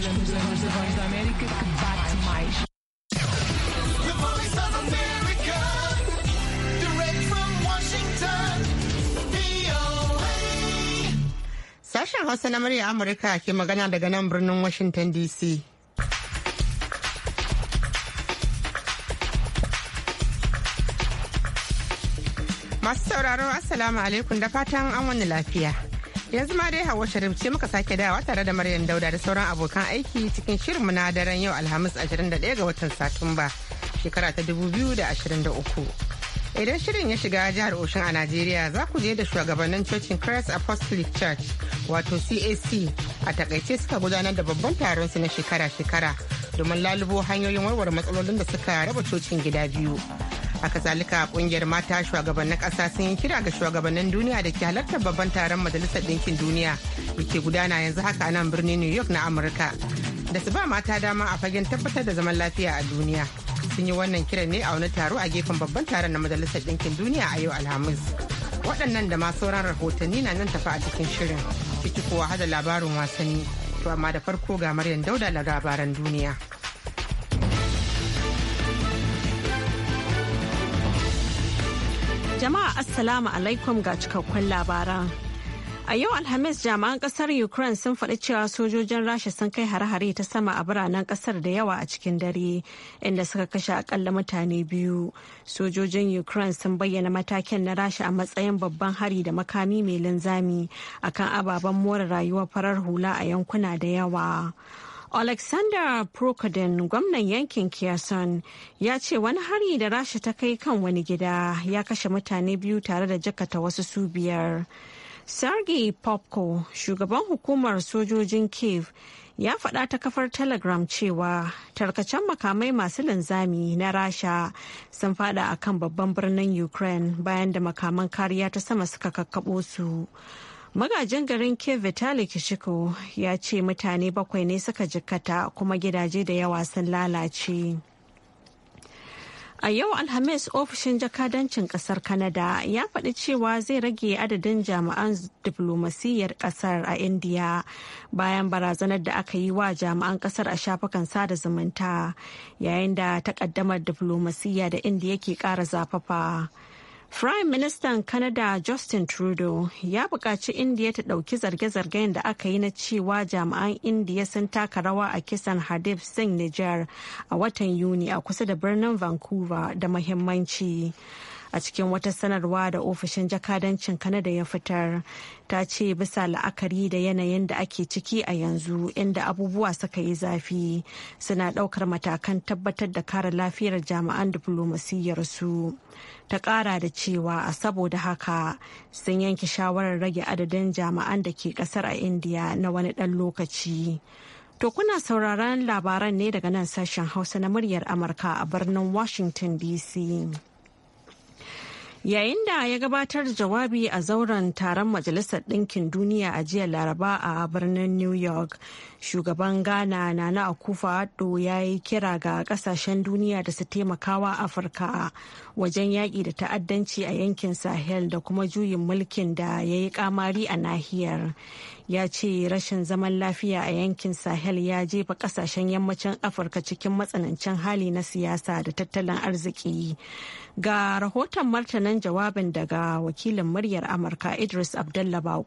Sashen Hausa na murya Amurka ke magana daga nan birnin Washington DC. Masu sauraro, Assalamu alaikum da fatan an wani lafiya. yanzu ma dai hawa sharif ce muka sake dawa tare da maryam dauda da sauran abokan aiki cikin shirin na daren yau alhamis 21 ga watan satumba shekara ta 2023 idan shirin ya shiga jihar oshin a najeriya za ku je da shugabannin cocin christ apostolic church wato cac a takaice suka gudanar da babban taron su na shekara-shekara domin lalubo hanyoyin warware matsalolin da suka raba cocin gida biyu haka zalika kungiyar mata shugabannin kasa sun yi kira ga shugabannin duniya da ke halartar babban taron majalisar ɗinkin duniya da ke gudana yanzu haka a nan birnin new york na amurka da su ba mata dama a fagen tabbatar da zaman lafiya a duniya sun yi wannan kiran ne a wani taro a gefen babban taron na majalisar ɗinkin duniya a yau alhamis waɗannan da ma sauran rahotanni na nan tafi a cikin shirin ciki kowa hada labarin wasanni to amma da farko ga maryam dauda da labaran duniya Jama'a Assalamu alaikum ga cikakkun labaran. A yau Alhamis jami'an kasar Ukraine sun faɗi cewa sojojin Rasha sun kai hare-hare ta sama a biranen kasar da yawa a cikin dare inda suka kashe akalla mutane biyu. Sojojin Ukraine sun bayyana matakin na Rasha a matsayin babban hari da makami mai linzami akan ababen more rayuwar farar hula a yankuna da yawa. Alexander Prokudin gwamnan yankin Kyason ya ce wani hari da rasha ta kai kan wani gida ya kashe mutane biyu tare da jakata wasu su biyar. Sergei Popko shugaban hukumar sojojin Kiev ya faɗa ta kafar telegram cewa tarkacen makamai masu linzami na rasha sun fada akan babban birnin ukraine bayan da makaman kariya ta sama suka kakkaɓo su. magajin garin ke vitali kishiko ya ce mutane bakwai ne suka jikkata kuma gidaje da yawa sun lalace a yau alhamis ofishin jakadancin kasar Kanada ya faɗi cewa zai rage adadin jami'an diflomasiyyar kasar a indiya bayan barazanar da aka yi wa jami'an kasar a shafukan sada zumunta yayin da takaddamar diflomasiyya da indiya ke ƙara zafafa. Prime Minister Canada Justin Trudeau ya buƙaci indiya ta ɗauki zarge-zargen da aka yi na cewa jami'an indiya sun taka rawa a kisan Hadif Singh Nijar a watan Yuni a kusa da birnin Vancouver da mahimmanci a cikin wata sanarwa da ofishin jakadancin kanada ya fitar ta ce bisa la'akari da yanayin da ake ciki a yanzu inda abubuwa suka yi zafi suna ɗaukar matakan tabbatar da kare lafiyar jami'an su ta kara da cewa a saboda haka sun yanke shawarar rage adadin jama'an da ke kasar a indiya na wani dan lokaci To kuna sauraron labaran ne daga nan sashen Hausa na muryar Amurka a birnin Washington DC. Yayin da ya gabatar da jawabi a zauren taron Majalisar Ɗinkin Duniya a jiya Laraba a birnin New York, shugaban Ghana Nana akufa addo ya yi kira ga kasashen duniya da su taimakawa Afirka wajen yaƙi da ta'addanci a yankin Sahel da kuma juyin mulkin da ya yi kamari a nahiyar. ya ce rashin zaman lafiya a yankin sahel ya jefa kasashen yammacin afirka cikin matsanancin hali na siyasa da tattalin arziki ga rahoton martanin jawabin daga wakilin muryar amurka idris abdullah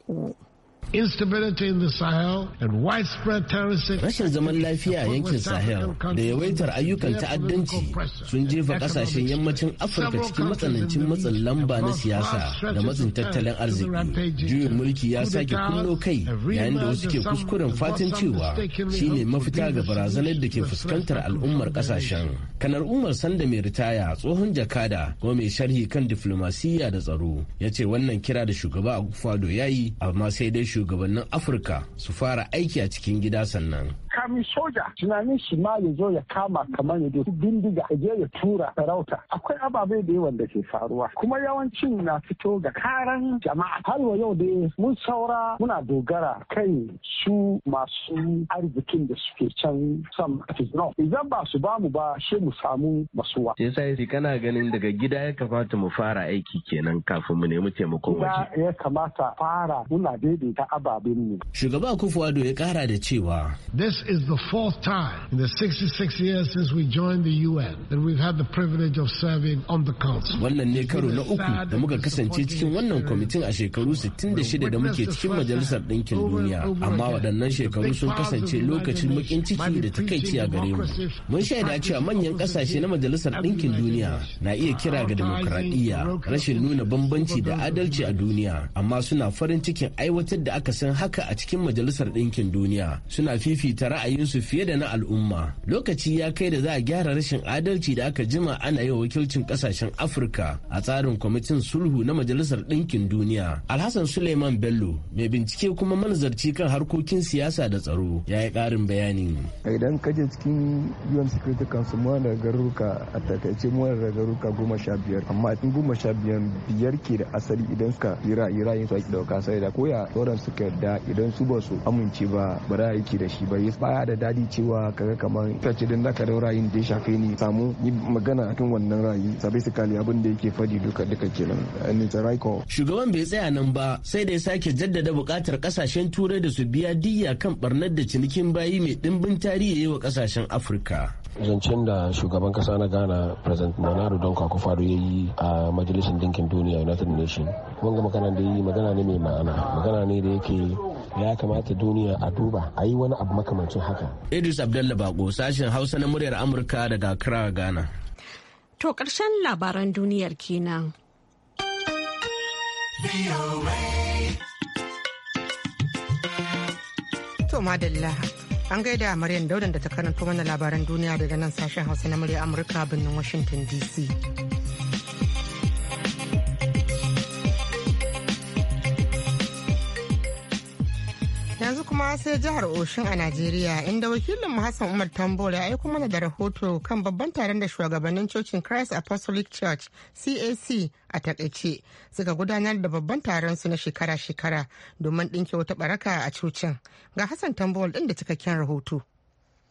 instability in the Sahel and widespread terrorism. Rashin zaman lafiya a yankin Sahel da yawaitar ayyukan ta'addanci sun jefa kasashen yammacin Afirka cikin matsanancin matsin lamba na siyasa da matsin tattalin arziki. Juyin mulki ya sake kullo kai yayin da wasu ke kuskuren fatan cewa shine mafita ga barazanar da ke fuskantar al'ummar kasashen. Kanar Umar Sanda mai ritaya tsohon jakada ko mai sharhi kan diflomasiyya da tsaro ya ce wannan kira da shugaba a gufado ya yi amma sai dai shugabannin afirka su fara aiki a cikin gida sannan makamin soja tunanin shi ma ya zo ya kama kamar ya bindiga ya je ya tura sarauta akwai ababe da yawan da ke faruwa kuma yawancin na fito ga karan jama'a har wa yau dai mun saura muna dogara kai su masu arzikin da suke can sam no idan ba su bamu ba shi mu samu masuwa sai sai kana ganin daga gida ya kamata mu fara aiki kenan kafin mu nemi taimakon waje ya kamata fara muna daidaita ababen mu shugaba kufuwado ya kara da cewa this is the fourth time in the 66 years since we joined the UN that we've had the privilege of serving on the council. Wannan ne karo na uku da muka kasance cikin wannan kwamitin a shekaru 66 da muke cikin Majalisar Ɗinkin Duniya, amma waɗannan shekaru sun kasance lokacin bakin ciki da takaici a gare mu. Mun shaida cewa manyan ƙasashe na Majalisar Ɗinkin Duniya na iya kira ga demokradiyya, rashin nuna bambanci da adalci a duniya, amma suna farin cikin aiwatar da aka san haka a cikin Majalisar Ɗinkin Duniya. Suna fifita ra'ayinsu fiye da na al'umma lokaci ya kai da za a gyara rashin adalci da aka jima ana yi wakilcin kasashen afirka a tsarin kwamitin sulhu na majalisar ɗinkin duniya alhassan suleiman bello mai bincike kuma manazarci kan harkokin siyasa da tsaro ya yi ƙarin bayani idan ka je cikin un security council mu da garuruka a takaice mu da garuruka goma sha biyar amma in goma sha biyar biyar ke da asali idan suka yi ra'ayi su ake dauka sai da koya sauran suka yarda idan su ba su amince ba ba za a yi da shi ba baya da dadi cewa kaga kamar tace din zaka da ra'ayin da ya shafe ni samu yi magana akan wannan rayu. sabai su kali abin da yake fadi duka duka kenan ni ta raiko shugaban bai tsaya nan ba sai da ya sake jaddada buƙatar kasashen turai da su biya diyya kan barnar da cinikin bayi mai dimbin tarihi wa kasashen afirka zancen da shugaban kasa na ghana president nanado don kakufado ya yi a majalisar dinkin duniya united nation wanga magana da yi magana ne mai ma'ana magana ne da yake ya kamata duniya a duba a yi wani abu makamanci to haka idris abdullah bako sashen hausa na muryar amurka daga accra ghana to ƙarshen labaran duniyar kenan to madalla an gaida Maryam Daudan da ta karanto mana labaran duniya daga nan sashen Hausa na muryar Amurka birnin Washington DC. kuma sai jihar Oshin a Najeriya inda wakilin Hassan Umar Tambola ya aiko mana da rahoto kan babban taron da shugabannin cocin Christ Apostolic Church CAC a takaice suka gudanar da babban taron su na shekara-shekara domin ɗinke wata baraka a cocin. Ga Hassan tambola din da cikakken rahoto.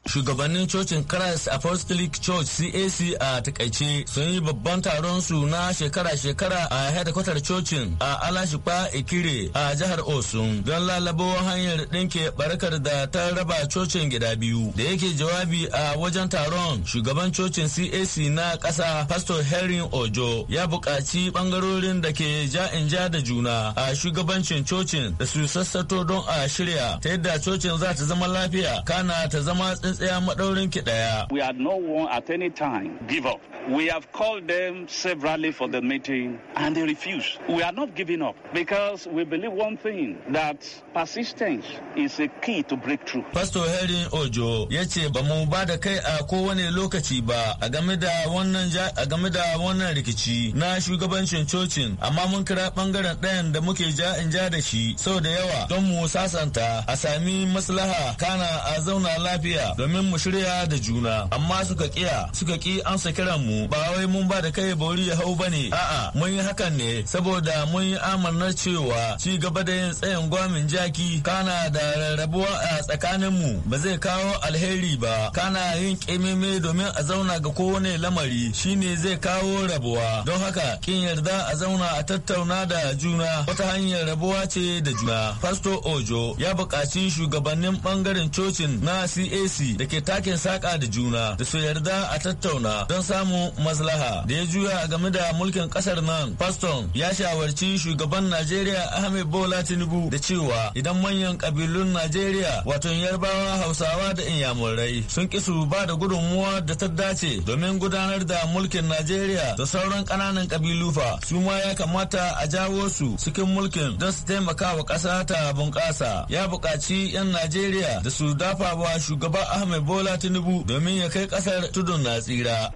Shugabannin cocin Christ Apostolic Church CAC a takaice sun yi babban taron su na shekara-shekara a hedikwatar cocin a Alashikpa Ikire a jihar Osun don lalabo hanyar ɗinke barkar da ta raba cocin gida biyu. Da yake jawabi a wajen taron shugaban cocin CAC na ƙasa Pastor Herin Ojo ya bukaci bangarorin da ke ja in ja da juna a shugabancin cocin da su sassato don a shirya ta yadda cocin za ta zama lafiya kana ta zama tsin tsaya maɗaurin ki ɗaya. We are no one at any time give up. We have called them severally for the meeting and they refuse. We are not giving up because we believe one thing that persistence is a key to breakthrough. Pastor Henry Ojo ya ce ba mu ba da kai a kowane lokaci ba a game da wannan a game da wannan rikici na shugabancin cocin amma mun kira bangaren ɗayan da muke ja in ja da shi sau da yawa don mu sasanta a sami maslaha kana a zauna lafiya domin mu shirya da juna amma suka kiya suka ki an kiran mu ba wai mun ba da kai bori ya hau bane a'a mun yi hakan ne saboda mun yi amanna cewa ci gaba da yin tsayin gwamin jaki kana da rarrabuwa a tsakanin mu ba zai kawo alheri ba kana yin kimime domin a zauna ga kowane lamari shine zai kawo rabuwa don haka kin yarda a zauna a tattauna da juna wata hanyar rabuwa ce da juna pastor ojo ya buƙaci shugabannin bangaren cocin na cac da ke takin saƙa da juna da su yarda a tattauna don samu maslaha da ya juya game da mulkin ƙasar nan faston ya shawarci shugaban najeriya ahmed bola tinubu da cewa idan manyan ƙabilun najeriya wato yarbawa hausawa da inyamurai sun ki su ba da gudunmuwa da ta dace domin gudanar da mulkin najeriya da sauran ƙananan ƙabilu fa su ma ya kamata a jawo su cikin mulkin don su taimaka wa ƙasa ta bunƙasa ya buƙaci 'yan najeriya da su dafa wa shugaba Ahmed Bola Tinubu domin ya kai kasar tudun na tsira.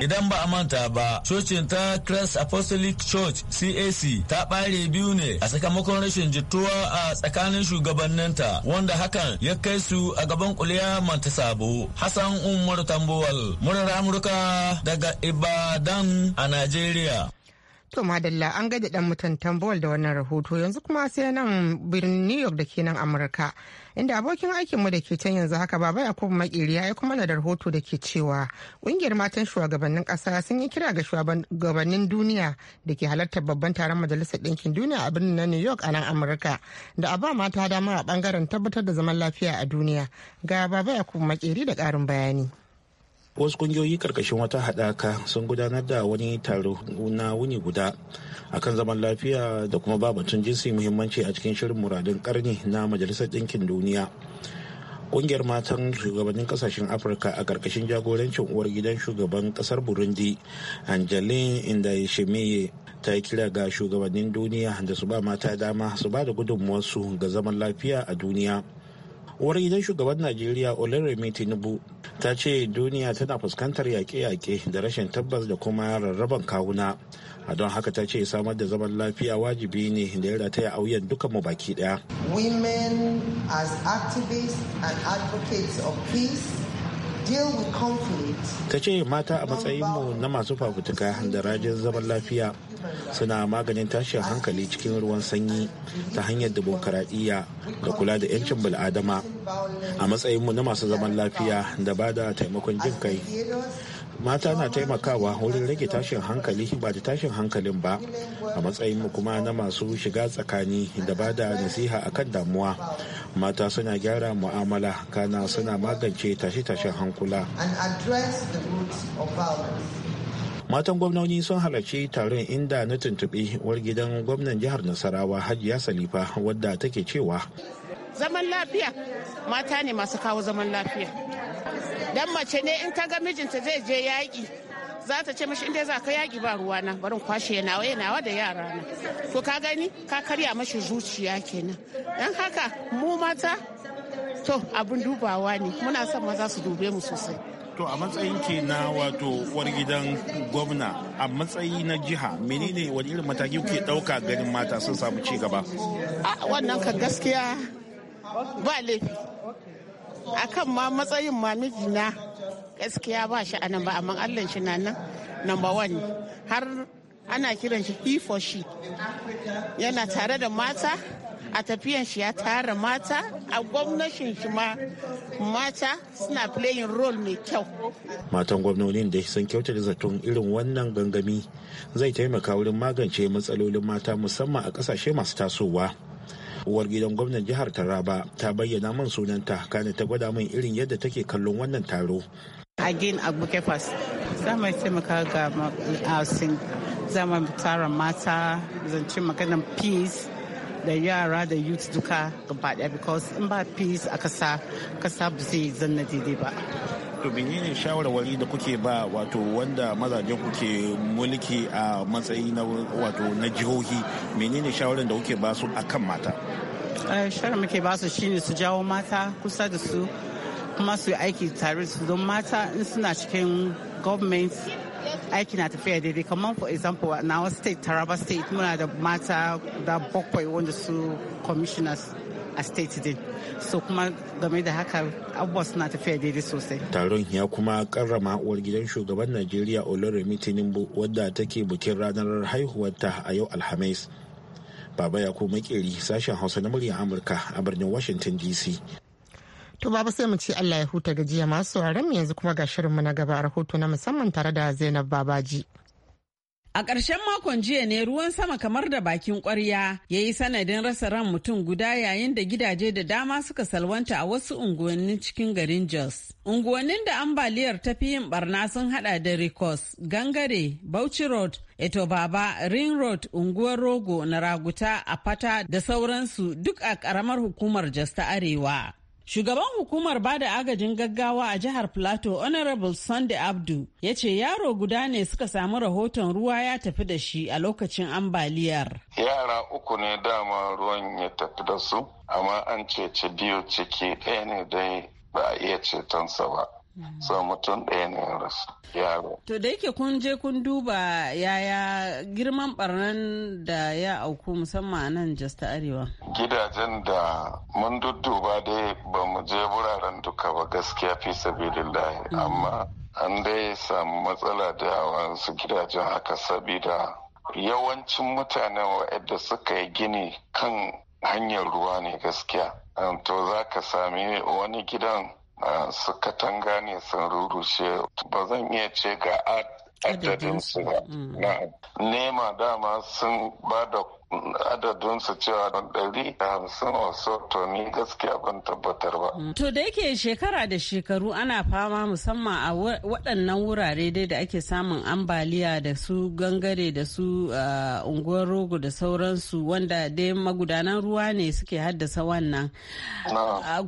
Idan ba a manta ba, cocin ta Christ Apostolic Church CAC ta ɓare biyu ne a sakamakon rashin jituwa a tsakanin shugabanninta wanda hakan ya kai su a gaban kuliya manta sabo. Hassan Umar Tambowal, murar Amurka daga Ibadan a Najeriya. To madalla an gaida dan mutan tambawal da wannan rahoto yanzu kuma sai nan birnin New York da ke nan Amurka inda abokin aikinmu da ke can yanzu haka baba Yakubu Makiri ya kuma na da rahoto da ke cewa kungiyar matan shugabannin kasa sun yi kira ga shugabannin duniya da ke halartar babban taron majalisar ɗinkin duniya a birnin na New York a nan Amurka da a ba mata dama a bangaren tabbatar da zaman lafiya a duniya ga baba Yakubu Makiri da ƙarin bayani. wasu kungiyoyi karkashin wata hadaka sun gudanar da wani taro na wuni guda akan zaman lafiya da kuma babatun jinsi muhimmanci a cikin shirin muradun karni na majalisar ɗinkin duniya kungiyar matan shugabannin kasashen afirka a karkashin jagorancin uwar gidan shugaban kasar burundi ya indayishimiye ta yi kira ga shugabannin duniya da su ba mata dama su ba da su ga zaman lafiya a duniya uwar gidan shugaban najeriya oleremi tinubu ta ce duniya tana fuskantar yaƙe-yaƙe da rashin tabbas da kuma rarraban kawuna a don haka ta ce samar da zaman lafiya wajibi ne da ya rataya auyen dukan mu baki daya women as activists and advocates of peace ta ce mata a matsayinmu na masu fafutuka da rajin zaman lafiya suna maganin tashin hankali cikin ruwan sanyi ta hanyar dimokuraɗiyya da kula da 'yancin bil'adama a matsayinmu na masu zaman lafiya da ba da taimakon jin kai mata na taimakawa wurin rage tashin hankali ba da tashin hankalin ba a matsayinmu kuma na masu shiga tsakani da ba da nasiha kan damuwa mata suna gyara mu'amala kana suna magance tashe tashin hankula matan gwamnoni sun halarci taron inda na tuntuɓi gidan gwamnan jihar nasarawa hajiya salifa wadda take cewa zaman lafiya mata ne masu kawo zaman lafiya dan mace ne in ta ga mijinta zai je yaƙi za ta ce mashi inda za ka yaƙi ba ruwa na barin kwashe nawa eh, nawa da yara na to ka gani ka karya mashi zuciya kenan dan haka mu mata to abin dubawa ne muna son maza su dube mu sosai to a matsayin ke na wato uwar gidan gwamna a matsayi na jiha menene wani irin mataki ke dauka ganin mata sun samu ci gaba wannan ka gaskiya ba laifi akan ma matsayin ma mijina gaskiya ba shi anan ba amma allah shi na nan number one har ana kiran shi he for she yana tare da mata a tafiyan shi ya tara mata a gwamnatin shi ma mata suna playing role mai kyau matan gwamnonin da sun kyauta da zaton irin wannan gangami zai taimaka wurin magance matsalolin mata musamman a kasashe masu tasowa uwar gidan gwamnan jihar taraba ta bayyana min sunanta kana ta gwada min irin yadda take kallon wannan taro again agbuke first za mu taimaka ga zama tara mata zance maganan peace da yara da youth duka gaba daya because in ba peace a kasa kasa ba zai zanna daidai ba to menene shawarwari da kuke ba wato wanda mazajen kuke mulki a matsayi na wato na jihohi menene shawarar da kuke ba su akan mata eh, shawarar muke ba su shine su jawo mata kusa da su kuma su yi aiki tare su don mata in suna cikin government aiki na tafiya daidai kamar for example nawa state taraba state muna da mata da bakwai wanda su commissioners a state din so kuma game da haka abubuwa suna tafiya daidai sosai taron ya kuma karrama uwar gidan shugaban najeriya oloremi tinubu wadda take bikin ranar haihuwarta a yau alhamis baba ya kuma makeri sashen hausa na murya amurka a birnin washington dc To baba sai mu ce Allah ya huta gajiya masu sauraron mu yanzu kuma ga shirinmu na gaba rahoto na musamman tare da Zainab Babaji. A ƙarshen makon jiya ne ruwan sama kamar da bakin ƙwarya ya yi sanadin rasa ran mutum guda yayin da gidaje da dama suka salwanta a wasu unguwannin cikin garin Jos. Unguwannin da ambaliyar ta fi yin barna sun hada da Rikos, Gangare, Bauchi Road, Eto Baba, Ring Road, Unguwar Rogo, Naraguta, Apata da sauransu duk a ƙaramar hukumar Jos ta Arewa. Shugaban hukumar bada agajin gaggawa a jihar Plateau Honorable Sunday Abdu ya ce yaro guda ne suka samu rahoton ruwa ya tafi da shi a lokacin ambaliyar. Yara uku ne dama ruwan ya tafi da su, amma an cece biyu ciki ɗaya ne dai ba a iya cetonsa ba. so mutum ɗaya ne rasu yaro. To da yake kun je kun duba yaya girman barnan da ya auku musamman a nan Jos ta Arewa. Gidajen da mun dudduba dai ba mu je wuraren duka ba gaskiya fi sabilillahi mm. amma an dai samu matsala da wasu gidajen haka sabida yawancin mutanen wa'adda suka yi gini kan hanyar ruwa ne gaskiya. Um, to za ka sami wani gidan su katanga ne sun rurushe ba zan iya ce ga adadin su ba mm. na nema dama sun ba da adadin su cewa ɗari da hamsin wasu ni gaskiya ban tabbatar ba. Mm. To da yake shekara da shekaru ana fama musamman a waɗannan wurare dai da ake samun ambaliya da su gangare da su uh, unguwar rogo da sauransu wanda dai magudanan ruwa ne suke haddasa wannan.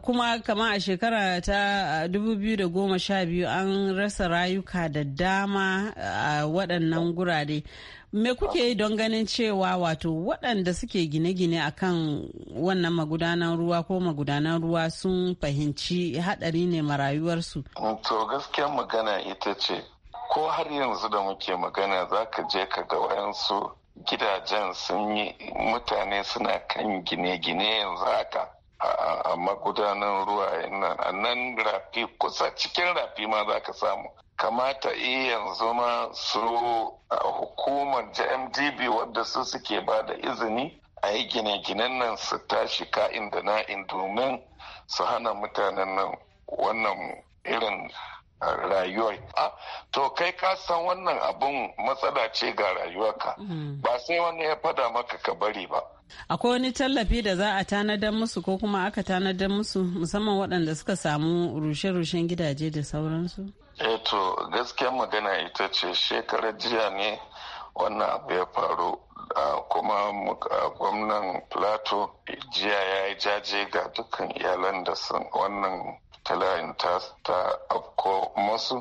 Kuma kama a shekara ta 2012 uh, an rasa rayuka da dama uh, a waɗannan gurare. Me kuke yi don ganin cewa wato waɗanda suke gine-gine a kan wannan magudanan ruwa ko magudanan ruwa sun fahimci haɗari ne marayuwarsu To gaskiya magana ita ce, ko har yanzu da muke magana za ka je ka ga wayansu gidajen sun yi mutane suna kan gine-gine yanzu haka a magudanan ruwa nan rafi kusa cikin rafi ma za ka samu kamata eh yanzu ma su hukumar jmdb wadda su suke ba da izini a yi gine-ginen nan su tashi ka'in da na'in domin su hana mutanen nan wannan irin rayuwar to kai ka san wannan abun matsala ce ga rayuwarka mm. ba sai wani ya fada maka ka bari ba Akwai wani tallafi da za a tanadar musu ko kuma aka tanadar musu musamman waɗanda suka samu rushe-rushen gidaje da sauransu? Eto eh gaskiyar magana ita ce shekarar jiya ne wannan abu ya faru kuma gwamnan plato jiya ya yi jaje ga dukkan iyalan da sun wannan talayin ta afko masu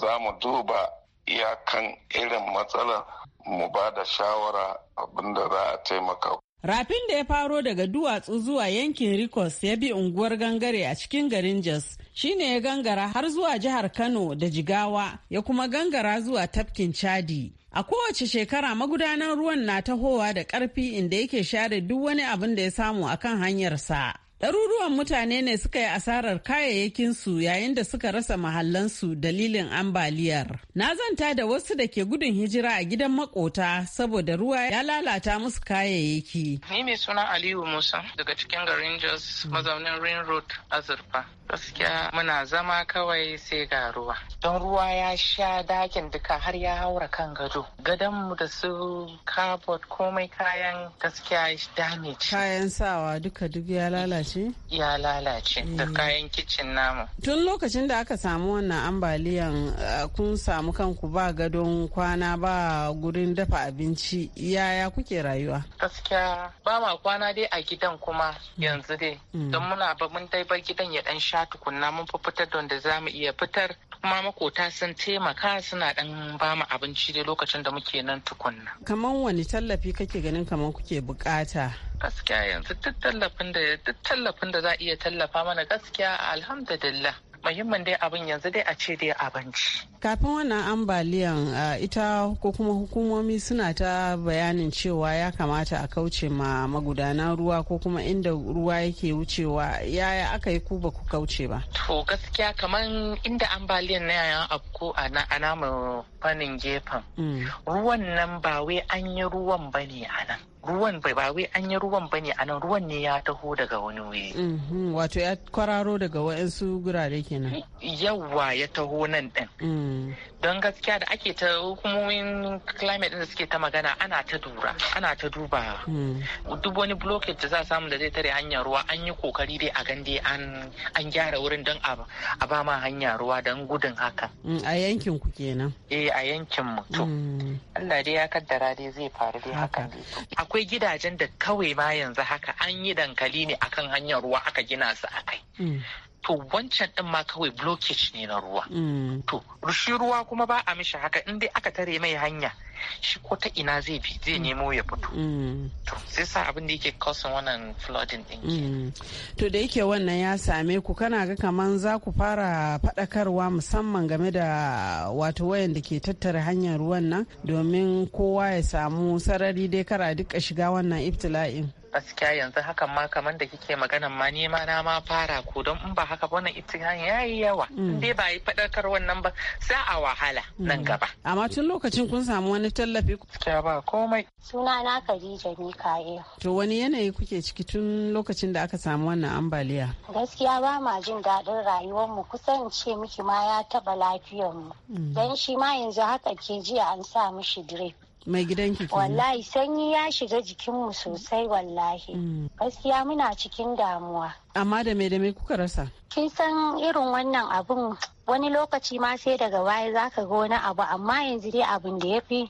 za mu duba iyakan irin matsalar mu ba da shawara abinda za a taimaka Rafin da ya faro daga duwatsu zuwa yankin Rikos ya bi unguwar gangare a cikin garin Jos shine ya gangara har zuwa jihar Kano da Jigawa ya kuma gangara zuwa tafkin Chadi. A kowace shekara magudanan ruwan na tahowa da ƙarfi inda yake share duk wani abin da ya samu a kan hanyarsa. Ɗaruruwan mutane ne suka yi asarar kayayyakinsu yayin da suka rasa mahallansu dalilin ambaliyar. Na zanta da wasu da ke gudun hijira a gidan makota saboda ruwa ya lalata musu kayayyaki. Ni mai suna Aliyu Musa daga cikin garin Jos mazaunin Ring Road Azurfa. gaskiya muna zama kawai sai ga ruwa don ruwa ya sha dakin duka har ya haura kan gado gadon mu da su cardboard komai kayan gaskiya damage kayan sawa duka duk ya lalace ya lalace da hmm. kayan kicin namu tun lokacin da aka samu wannan ambaliyan eh, kun samu kanku ba gadon kwana ba gurin dafa abinci yaya kuke rayuwa gaskiya ba ma kwana dai a gidan kuma hmm. yanzu dai hmm. don muna ba mun dai ba gidan ya dan sha tukunna mun fitar da wanda za mu iya fitar kuma makota sun taimaka suna dan ba mu abinci da lokacin da muke nan tukunna. Kaman wani tallafi kake ganin kaman kuke bukata? Gaskiya yanzu duk tallafin da duk tallafin da za iya tallafa mana gaskiya alhamdulillah. muhimmin dai abin yanzu dai a ce dai abinci kafin wannan ambaliyan ita ko kuma hukumomi suna ta bayanin cewa ya kamata a kauce ma magudanan ruwa ko kuma inda ruwa yake wucewa yaya aka yi ku ba ku kauce ba to gaskiya kamar inda ambaliyan na yayan abko a namu fannin gefen mm. ruwan nan ba wai an yi ruwan bane a nan ruwan bai ba wai an yi ruwan bane nan ruwan ne ya taho daga wani wuri mhm, wato ya kwararo daga wa'ansu gurare kenan yawa ya taho nan din mm. don gaskiya da ake ta hukumomin climate din da suke ta magana ana ta dura ana ta duba mm. duk wani blockage da za samu da zai tare hanyar ruwa an yi kokari dai a gande an gyara wurin don a ba ma hanya ruwa don gudun haka mm, a yankin ku kenan eh a yankin mutum. Allah dai ya kaddara dai zai faru dai hakan akwai gidajen da kawai ma yanzu haka an yi dankali ne akan hanyar ruwa aka gina su a kai mm. to wancan din ma kawai blockage ne na ruwa mm. to rushi ruwa kuma ba a mishi haka in dai aka tare mai hanya shi ko ta ina zai bi zai mm. nemo ya fito mm. to sai sa abin da yake kawsan wannan flooding din to da yake wannan ya same ku kana ga kaman za ku fara faɗakarwa musamman game da wato wayan da ke tattara hanyar ruwan nan domin kowa ya samu sarari dai kara duka shiga wannan ibtila'in gaskiya yanzu hakan ma kamar da kike maganan ma nema na ma fara ko don in ba haka ba wannan ya yayi yawa mm. in dai ba yi fadakar wannan ba za a wahala mm. nan gaba amma tun lokacin kun samu wani tallafi gaskiya ba komai suna na Khadija Mika'il to wani yanayi kuke ciki tun lokacin da aka samu wannan ambaliya gaskiya ba ma jin daɗin rayuwar mu kusan ce miki ma ya taba lafiyar mu mm. dan shi ma yanzu haka ke jiya an sa mishi drip mai gidanki wallahi sanyi ya shiga jikinmu sosai wallahi mm. gaskiya muna cikin damuwa amma da me da me kuka rasa kin san irin wannan abun wani lokaci ma sai daga baya zaka ga wani abu amma yanzu dai abin da yafi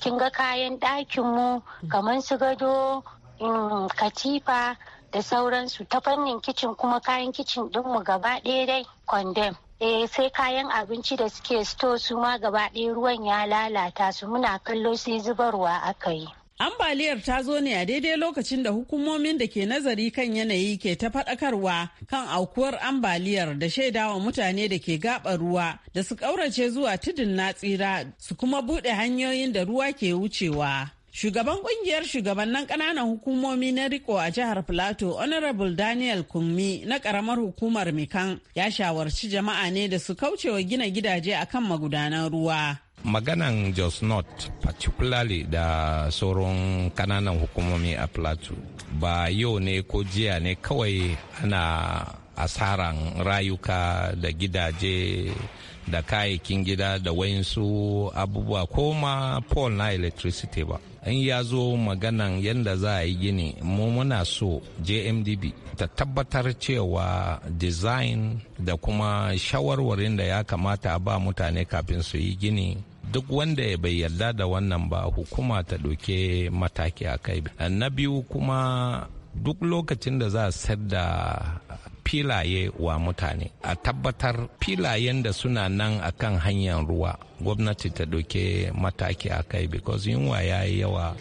kin ga kayan ɗakinmu mm. kamar su gado mm, katifa da sauransu ta fannin kicin kuma kayan kicin ɗinmu gaba ɗaya dai condemn eh sai kayan abinci da suke sto su ma gaba ɗaya ruwan ya lalata su muna kallo sai zubarwa aka yi Ambaliyar ta zo ne a daidai lokacin da hukumomin da ke nazari kan yanayi ke ta faɗakarwa kan aukuwar ambaliyar da shaidawa mutane da ke gaɓa ruwa da su ƙaurace zuwa tudun na tsira su kuma buɗe hanyoyin da ruwa ke wucewa. Shugaban kungiyar shugabannin ƙananan hukumomi na riko a jihar Plateau, Honorable Daniel Kummi na ƙaramar hukumar Mikan ya shawarci jama'a ne da su kaucewa gina gidaje a kan magudanan ruwa. maganan jos north particularly da sauran kananan hukumomi a plateau ba yau ne ko jiya ne kawai ana asaran rayuka da gidaje da kayayyakin gida da wayansu abubuwa ko ma pole na electricity ba in ya zo maganan yadda za a yi gini mu muna so jmdb ta tabbatar cewa design da kuma shawarwarin da ya kamata a ba mutane kafin su yi gini duk wanda bai yarda da wannan ba hukuma ta doke mataki a kai na biyu kuma duk lokacin da za a sayar da filaye wa mutane a tabbatar filayen da suna nan akan hanyar ruwa gwamnati ta doke mataki a kai because yunwa ya yi yawa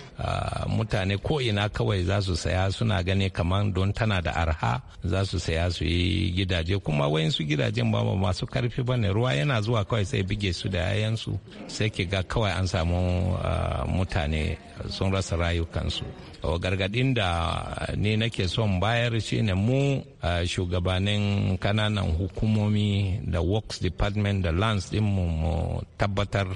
mutane ko ina kawai za su saya suna gani kamar don tana da arha za su saya su yi gidaje kuma wayansu gidajen ba masu karfi bane ruwa yana zuwa kawai sai bige su da yayansu sai ke ga kawai an samu mutane sun rasa rayukansu gargadin da ni nake son bayar ne mu shugabanin kananan hukumomi da works department da lands din mu tabbatar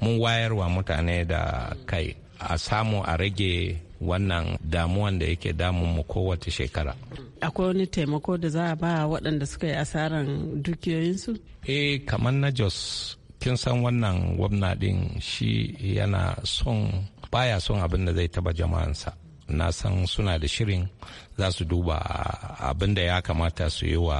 mun wayarwa mutane da kai a samu a rage wannan damuwan da yake damun mu kowace shekara. Akwai wani taimako da za a ba waɗanda suka yi asaran dukiyoyinsu? Eh kamar na Jos kin san wannan gwamna ɗin shi yana son baya son abin da zai taba jama'ansa. na san suna da shirin za su duba abin da ya kamata su yi wa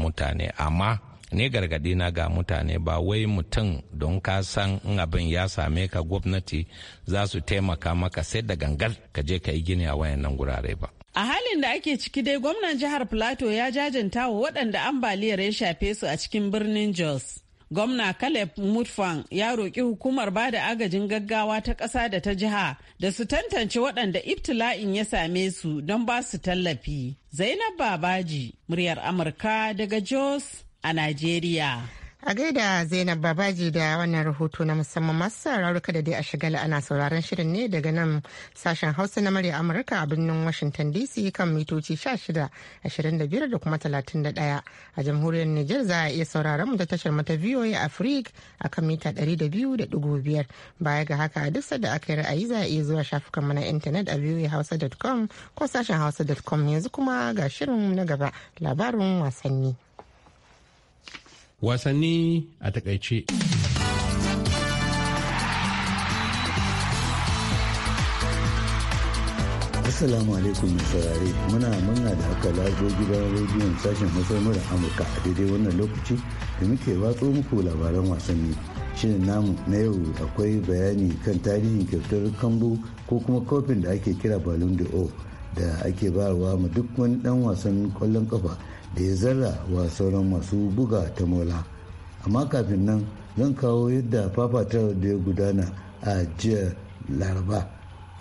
mutane amma ne gargadi na ga mutane ba wai mutum don ka san in abin ya same ka gwamnati za su taimaka maka sai da gangar ka je ka yi gini a wayannan gurare ba a halin da ake ciki dai gwamnan jihar plateau ya jajanta wa waɗanda ambaliyar ya shafe su a cikin birnin jos gwamna caleb mutfan ya roƙi hukumar ba da agajin gaggawa ta ƙasa da ta jiha da su tantance waɗanda ibtila'in ya same su don ba su tallafi zainab babaji muryar amurka daga jos a Najeriya. A gaida Zainab Babaji da wannan rahoto na musamman masu sauraruka da dai a shigala ana sauraron shirin ne daga nan sashen Hausa na murya Amurka a birnin Washington DC kan mitoci 16, da kuma 31 a jamhuriyar Nijar za a iya sauraron mu ta tashar mata VOA Africa a kan mita 200.5 baya ga haka a duk sanda aka yi ra'ayi za a iya zuwa shafukan mana intanet a voahausa.com ko sashen hausa.com yanzu kuma ga shirin na gaba labarin wasanni. wasanni a takaice. Assalamu alaikum mai saurare muna murna da haka lajo gidan rediyon sashen Hausa murar Amurka a daidai wannan lokaci da muke watso muku labaran wasanni. Shirin namu na yau akwai bayani kan tarihin kyautar kambu ko kuma kofin da ake kira Ballon d'Or da ake bayarwa ma duk wani dan wasan kwallon kafa da ya zarra wa sauran masu buga ta mola amma kafin nan zan kawo yadda fafatar da ya gudana a jiya laraba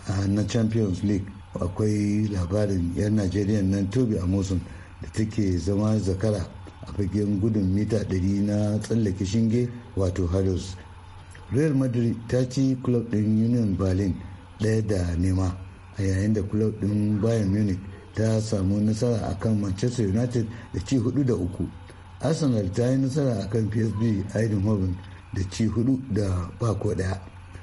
a na champions league akwai labarin 'yan najeriya nan tobi amoson da take zama zakara a fagen gudun mita 100 na tsallake shinge wato harris real madrid ta ci club din union berlin daya da nema a yayin da club din bayern munich ta samu nasara akan manchester united da ci hudu da uku arsenal ta yi nasara akan psb eindhoven da ci hudu da bako daya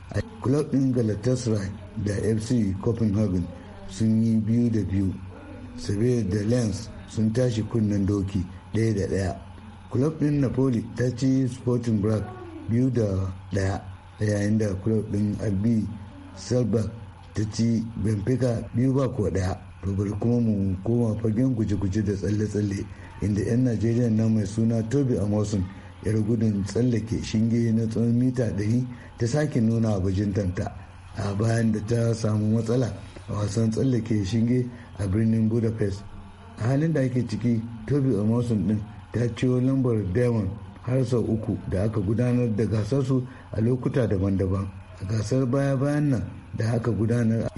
a club din galatasaray da fc copenhagen sun yi biyu da biyu sevilla da lens sun tashi kunnen doki daya da daya club din napoli ta ci sporting brack biyu da daya yayin da club din albi selberg ta ci benfica biyu bako daya rubar kuma mu koma fagen guje-guje da tsalle-tsalle inda 'yan najeriya na mai suna tobi amosun yar gudun tsallake shinge na tsawon mita 100 ta sake nuna bajintanta a bayan da ta samu matsala a wasan tsallake shinge a birnin budapest a halin da ake ciki tobi amosun din ta ciwo lambar diamond har sau uku da aka gudanar da gasarsu a lokuta daban-daban a gasar baya-bayan nan da aka gudanar a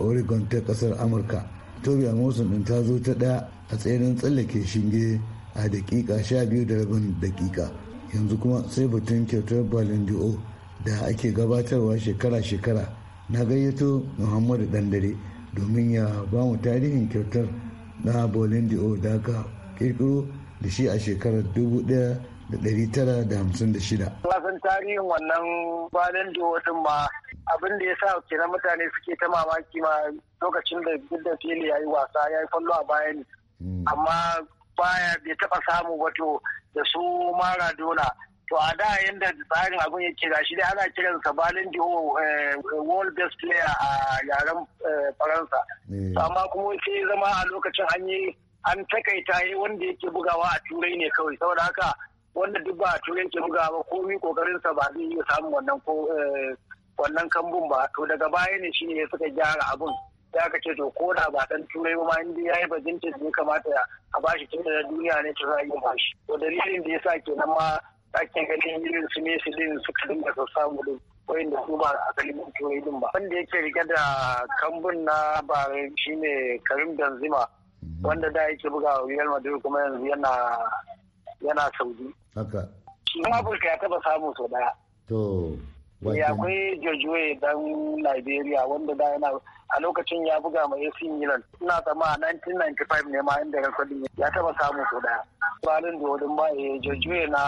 oregon ta kasar amurka tobiya mosun din ta zo ta daya a tseren tsallake shinge a dakika sha biyu da rabin dakika yanzu kuma sai batun kyautar balin d'o da ake gabatarwa shekara-shekara na gayyato muhammadu dandare domin ya ba mu tarihin kyautar na bolin d'o da aka kirkiro da shi a shekarar 1956 tarihin wannan balin ma abin da ya sa kenan mutane suke ta mamaki ma lokacin da duk da fili ya yi wasa ya yi kwallo a baya ne hmm. amma baya bai taɓa samu wato da su mara dona to a da yadda tsarin abin yake da shi dai ana sa balin di world best player a yaren eh, faransa hmm. amma kuma sai zama a lokacin an yi an takaita yi wanda yake bugawa a turai ne kawai saboda haka wanda duk ba a turai ke bugawa ba komi kokarinsa ba zai iya samun wannan ko eh, wannan kambun ba to daga baya ne shine ya suka gyara abun ya ka ce to ko da ba dan turai ba ma inda ya yi bajinta ne kamata a bashi tun da duniya ne ta ba bashi to dalilin da yasa kenan ma ake ganin irin su ne su din suka dinga su samu din da su ba a kalimin turai din ba wanda yake rike da kambun na ba shine karim benzema wanda da yake buga real madrid kuma yanzu yana yana saudi haka shi ma ya taɓa samu sau daya to akwai George dan Liberia wanda da yana a lokacin ya buga ma AC Milan ina zama a 1995 ne ma inda rekodin ya taba samu ko daya balin da wadin ba ya eh, George na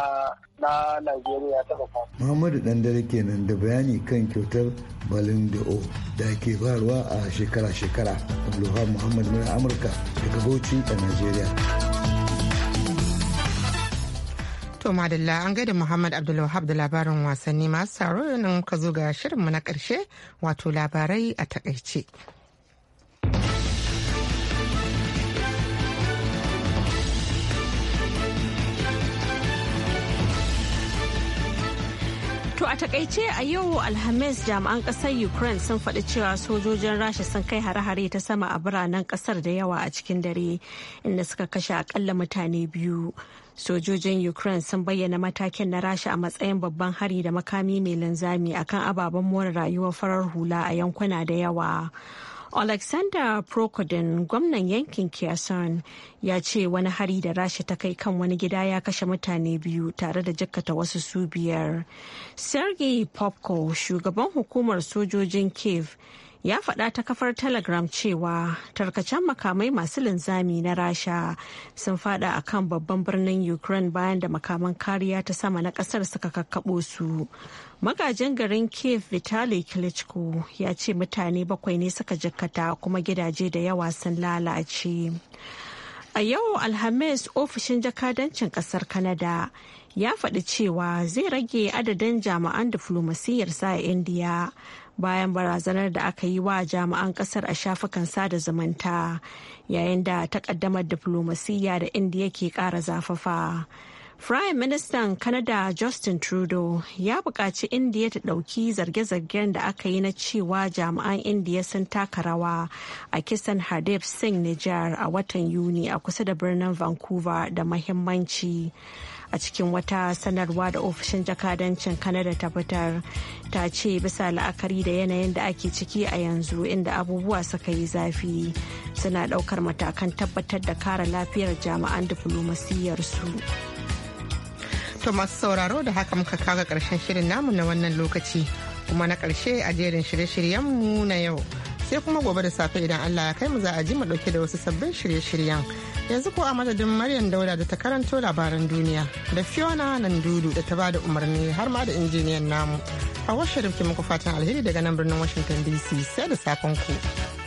na Liberia ya taba samu Muhammadu dan dare kenan da bayani kan kyautar Ballon O da ke barwa a shekara-shekara Abdulhamid Muhammad Amurka daga Bauchi a nigeria. To madalla an gaida Muhammad Abdulwahab da labarin wasanni masu saro yanzu muka zo ga shirinmu na karshe wato labarai a takaice. To a takaice a yau Alhamis jami'an kasar Ukraine sun faɗi cewa sojojin Rasha sun kai hare-hare ta sama a biranen kasar da yawa a cikin dare inda suka kashe akalla mutane biyu. Sojojin Ukraine sun bayyana matakin na Rasha a matsayin babban hari da makami mai linzami akan ababen more rayuwar farar hula a yankuna da yawa. Alexander Prokodin gwamnan yankin Kyasan ya ce wani hari da rasha ta kai kan wani gida ya kashe mutane biyu tare da jikkata wasu su biyar. Sergei Popko shugaban hukumar sojojin Kiev ya faɗa ta kafar telegram cewa tarkacen makamai masu linzami na rasha sun fada a kan babban birnin ukraine bayan da makaman kariya ta sama na ƙasar suka kakkaɓo su magajin garin kiev vitali klitschko ya ce mutane bakwai ne suka jikkata kuma gidaje da yawa sun lalace a yau alhamis ofishin jakadancin ƙasar Kanada. ya faɗi cewa zai rage adadin jami'an sa a indiya bayan barazanar da aka yi wa jami'an kasar a shafukan sada zumunta yayin da takaddamar diflomasiyya da indiya ke kara zafafa prime ministan canada justin trudeau ya buƙaci indiya ta ɗauki zarge-zargen da aka yi na cewa jami'an indiya sun taka rawa a kisan hadif singh nijar a watan yuni a kusa da birnin vancouver da mahimmanci. a cikin wata sanarwa da ofishin jakadancin kanada ta fitar ta ce bisa la'akari da yanayin da ake ciki a yanzu inda abubuwa suka yi zafi suna daukar matakan tabbatar da kare lafiyar jami'an diflomasiyarsu. To masu sauraro da haka muka kaga karshen shirin namu na wannan lokaci kuma na karshe a jerin shirye-shiryenmu na yau. sai kuma gobe da safe idan Allah ya kai mu za a ji mu dauke da wasu sabbin shirye-shiryen yanzu ko a madadin Maryam Dauda da ta karanto labaran duniya da Fiona dudu da ta ba da umarni har ma da injiniyan namu a washe muku fatan alheri daga nan birnin Washington DC sai da sakon ku.